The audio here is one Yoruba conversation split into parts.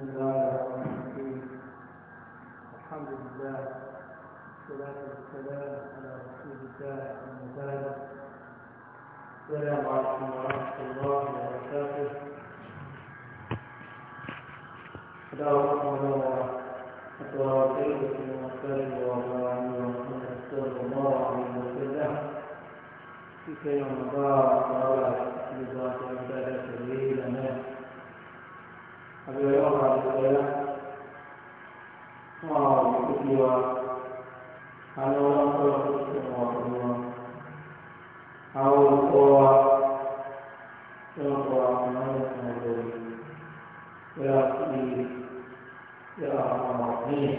بسم الله الرحمن الرحيم الحمد لله والصلاة والسلام على رسول الله أما بعد السلام عليكم ورحمة الله الله وتواصيل في المسلم ومعاني محمد صلى الله عليه وسلم في كلمة الله تعالى لذات الله تعالى àbí ọlọ́run àbẹ̀wẹ́lá fún àwọn òbí wa àwọn ọlọ́pọlọ tó ti mọ̀ ọ̀dùn wọn àwọn olùkọ́ wa tó ń kọ́ àwọn ọmọ ìlú yà sí yà àwọn ọ̀gbìn.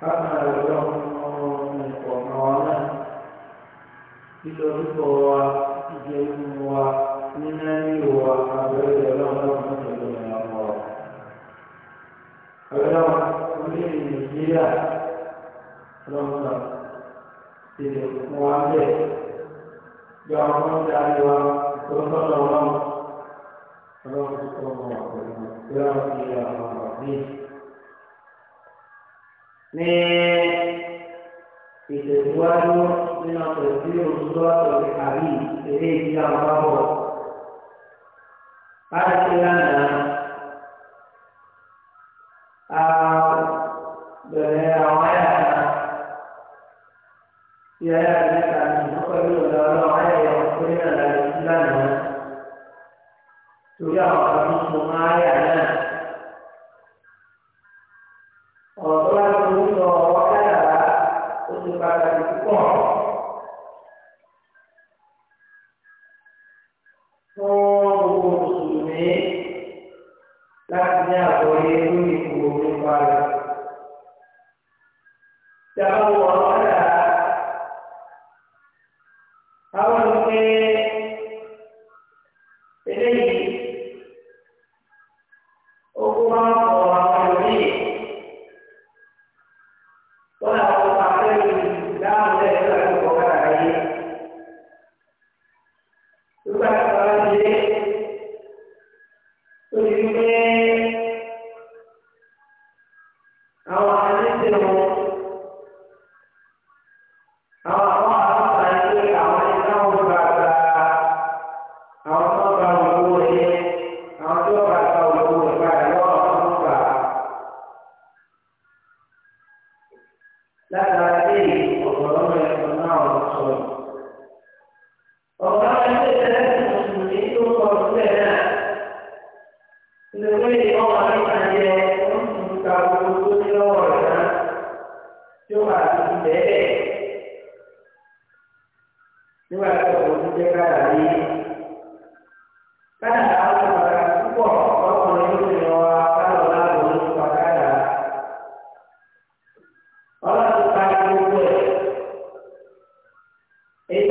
Kákan àwùjọ ọmọ ìkọ̀ọ̀kan wa náà, ìdọ̀tí kọ̀ nínú ìwà nínú ọ̀sẹ̀ tí òṣùwọ́n sọ̀rọ̀ àrí eré ìdílé àwọn ọmọ. 巴基斯坦、澳大利亚、越南等国拥有着活跃的互联网市场。主要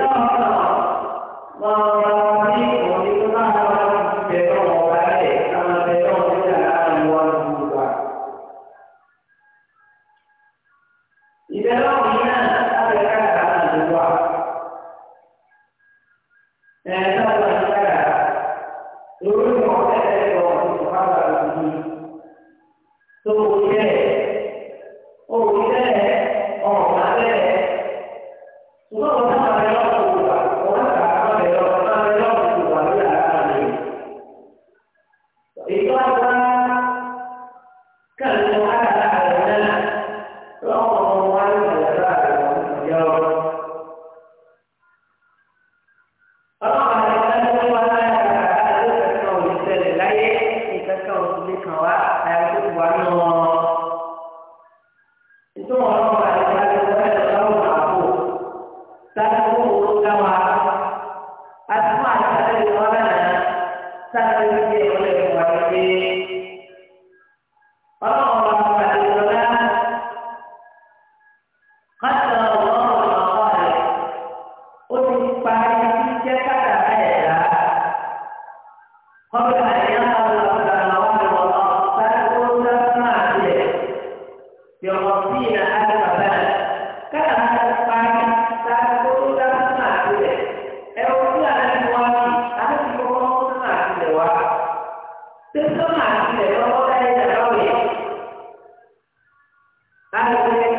الله Saturday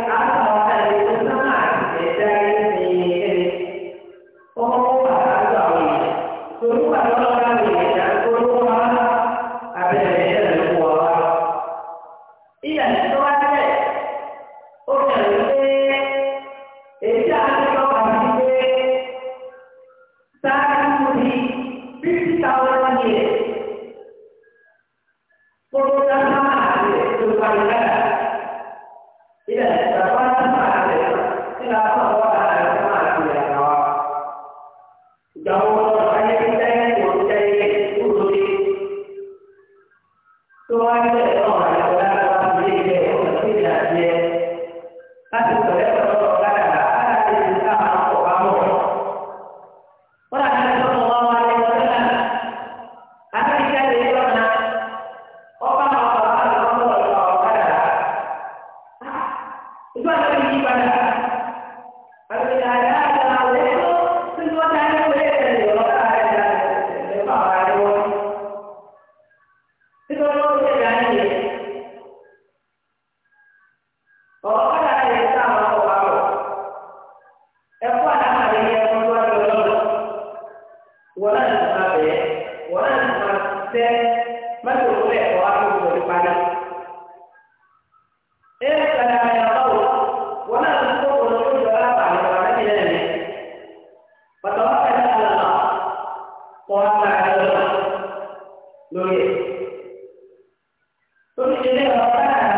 Thank you.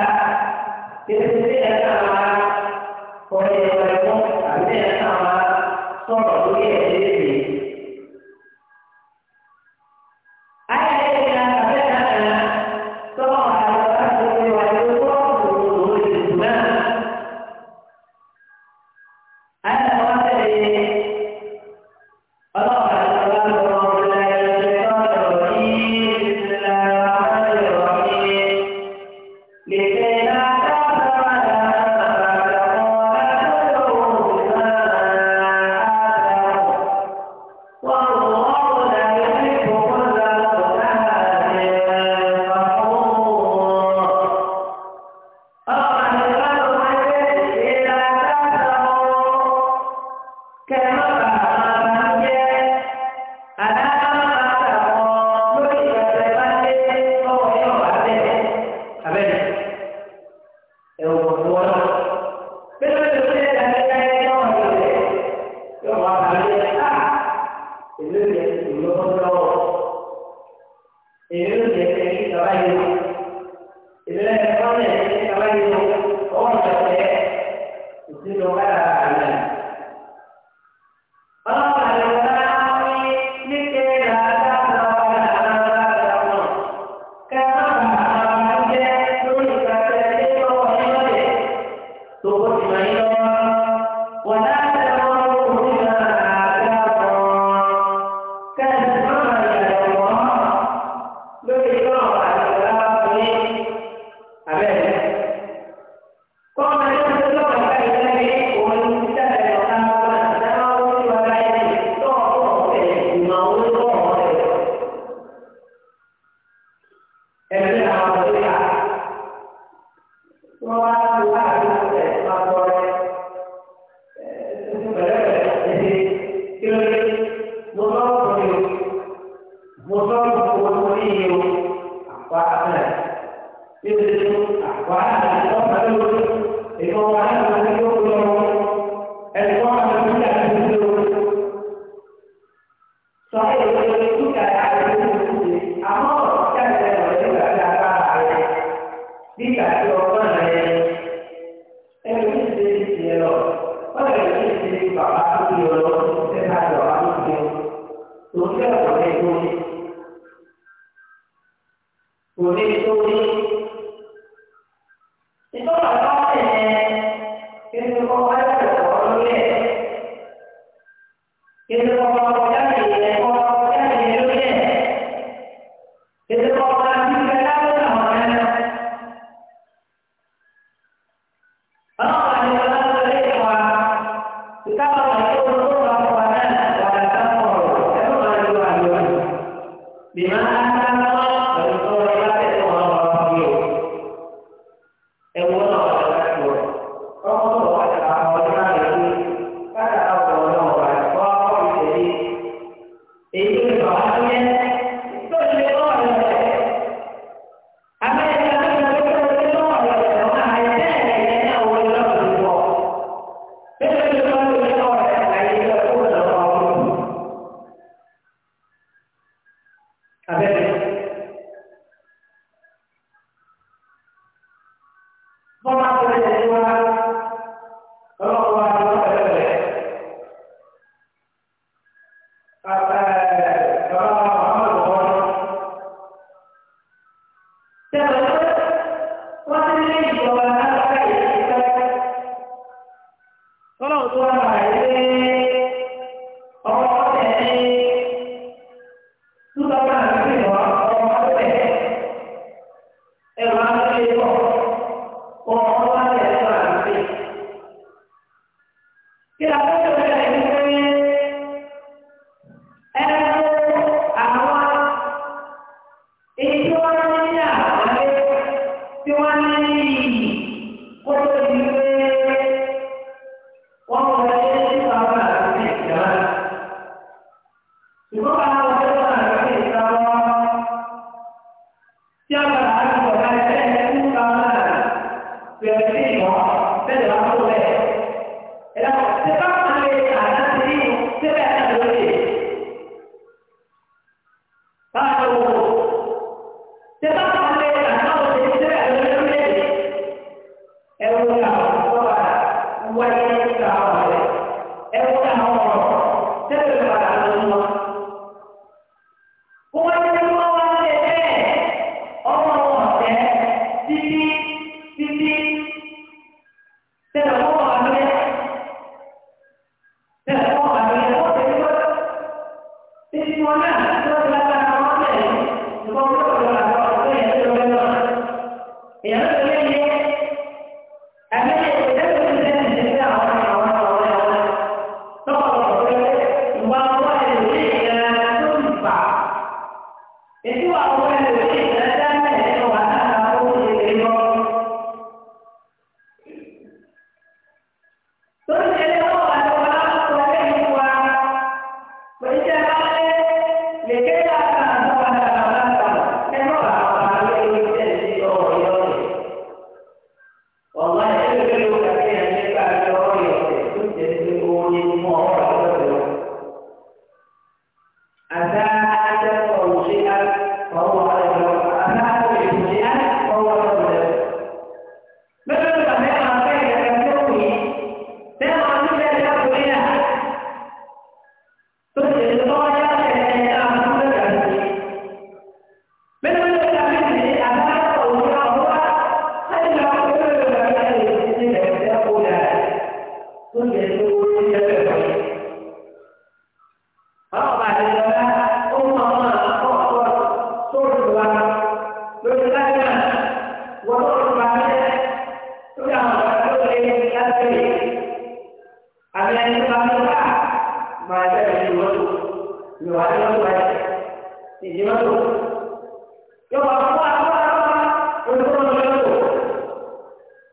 ẹ má bàa. bẹ́ẹ̀. yọ lọ sẹ́ka lọ àwọn ìgbẹ́ tó kẹ́ ọ̀rẹ́ ìgbẹ́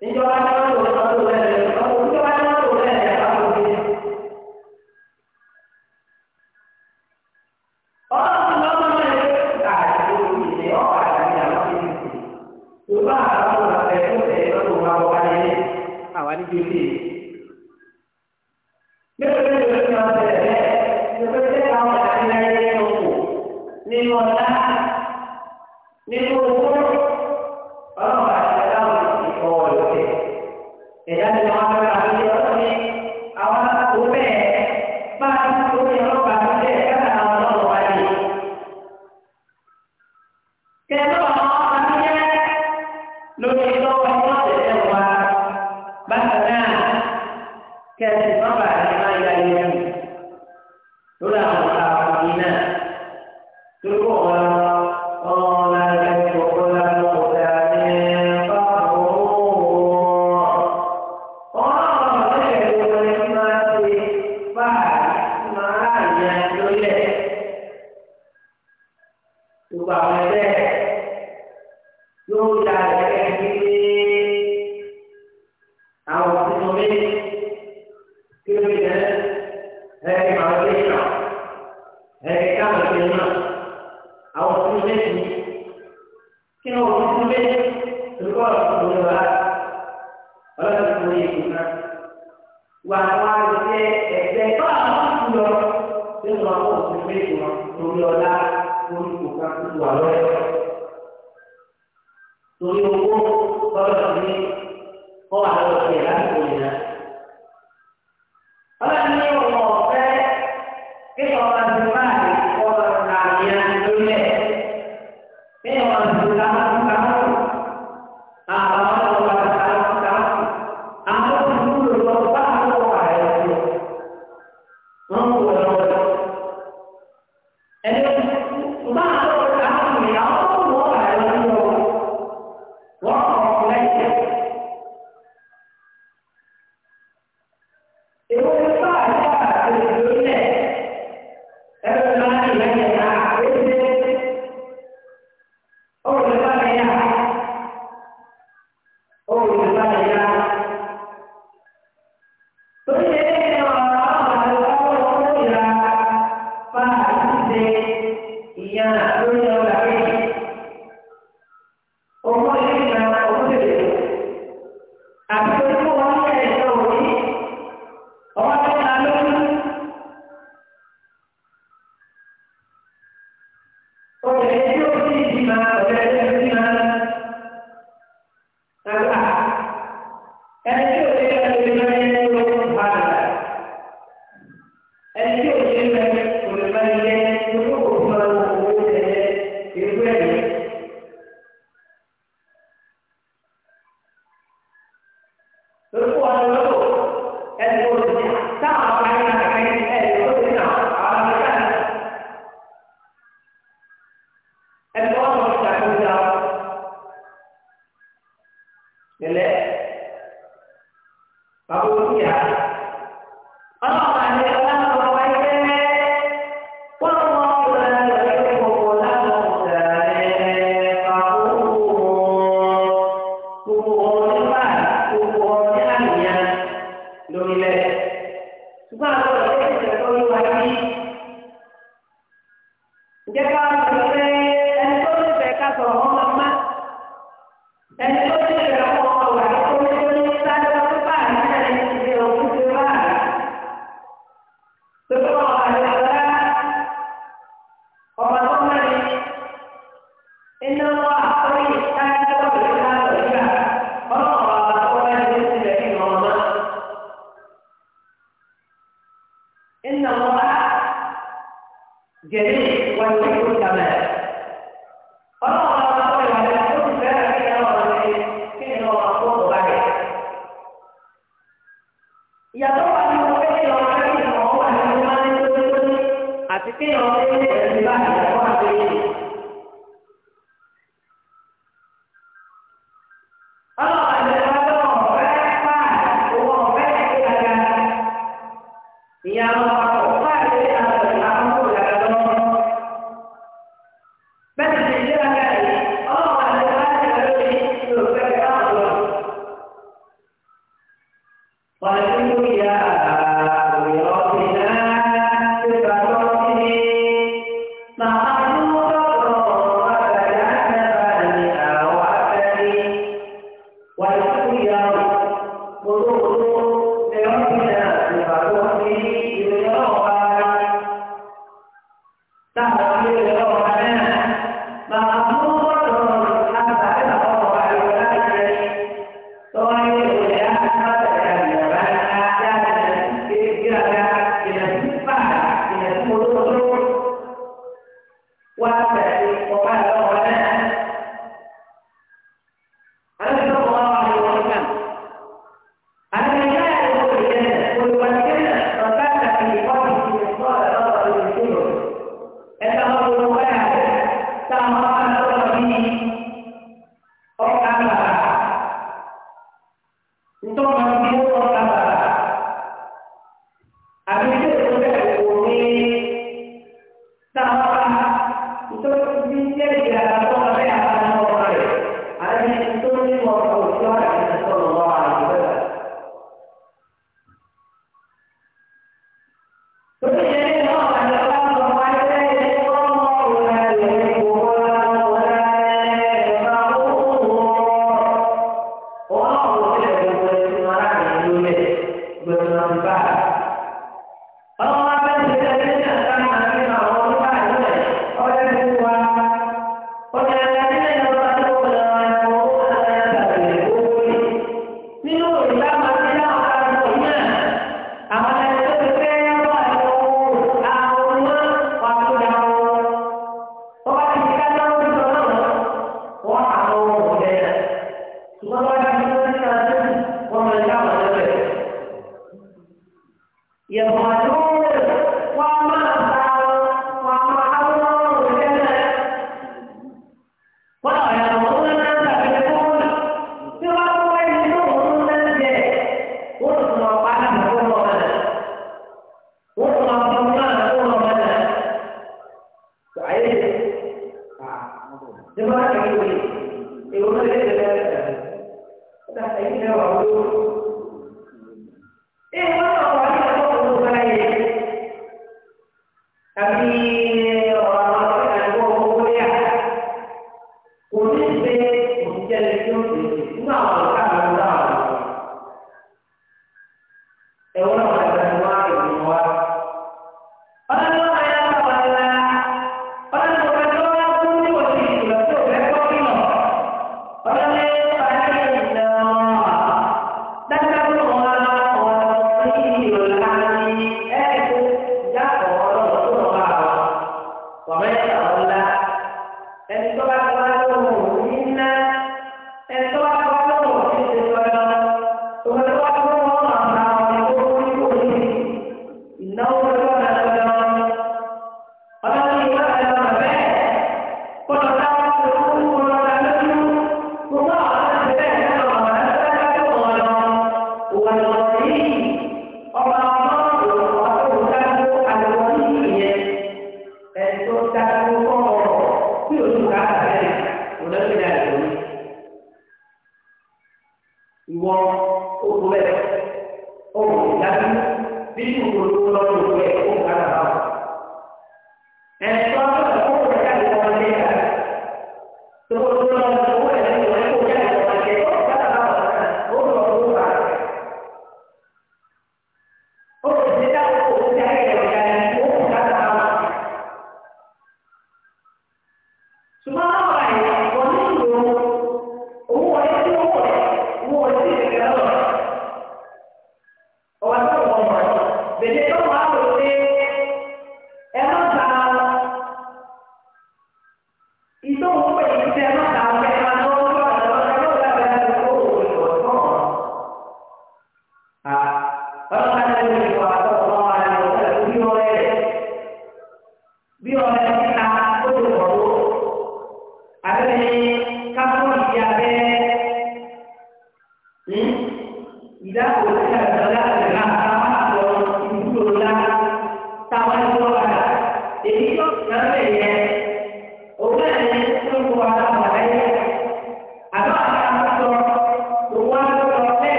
Yo, Kẹ̀sì bàbá rẹ̀. wà wá ẹsẹ̀ ẹsẹ̀ tó àwọn kú lọ bí wọn kò sí pé wọn torí ọlá orí kò ká wà lọ́yọ̀ torí owó bọ́lá ní kọ́ àwọn ọ̀sẹ̀ láti wọ̀ yẹn. ọlọ́run ní ọmọ ọ̀fẹ́ kí ọmọ àti máa. So